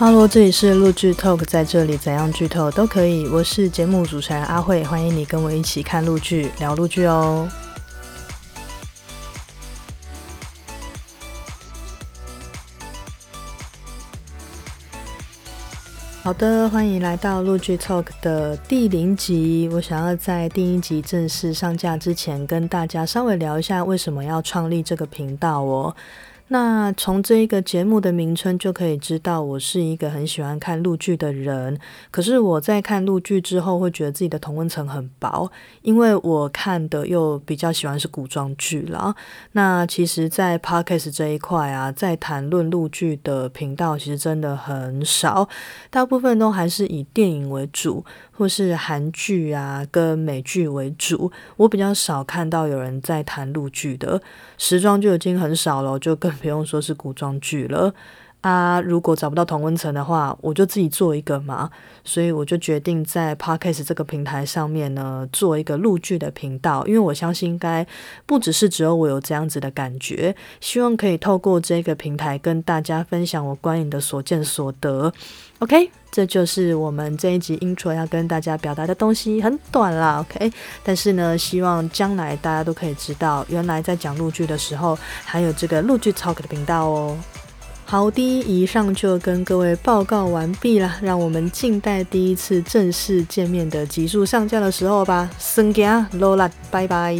哈嘍，這裡是陸劇 Talk，在這裡怎樣劇透都可以。我是節目主持人阿慧，歡迎你跟我一起看陸劇、聊陸劇哦。好的，歡迎來到陸劇 Talk 的第零集。我想要在第一集正式上架之前，跟大家稍微聊一下為什麼要創立這個頻道哦。那從這一個節目的名稱就可以知道，我是一個很喜歡看陸劇的人。可是我在看陸劇之後，會覺得自己的同溫層很薄，因為我看的又比較喜歡是古裝劇了。那其實，在 Podcast 這一塊啊，在談論陸劇的頻道，其實真的很少，大部分都還是以電影為主，或是韓劇啊跟美劇為主。我比較少看到有人在談陸劇的時裝就已經很少了，就更。不用說是古裝劇了。啊，如果找不到同溫層的話，我就自己做一個嘛，所以我就決定在 Podcast 這個平台上面呢，做一個陸劇的頻道，因為我相信應該不只是只有我有這樣子的感覺，希望可以透過這個平台跟大家分享我觀影的所見所得。OK，這就是我們這一集 Intro 要跟大家表達的東西，很短啦。OK，但是呢，希望將來大家都可以知道，原來在講陸劇的時候，還有這個陸劇 Talk 的頻道哦。好的，以上就跟各位報告完畢了，讓我們靜待第一次正式見面的集數上架的時候吧。s u l o l a e 羅拉，拜拜。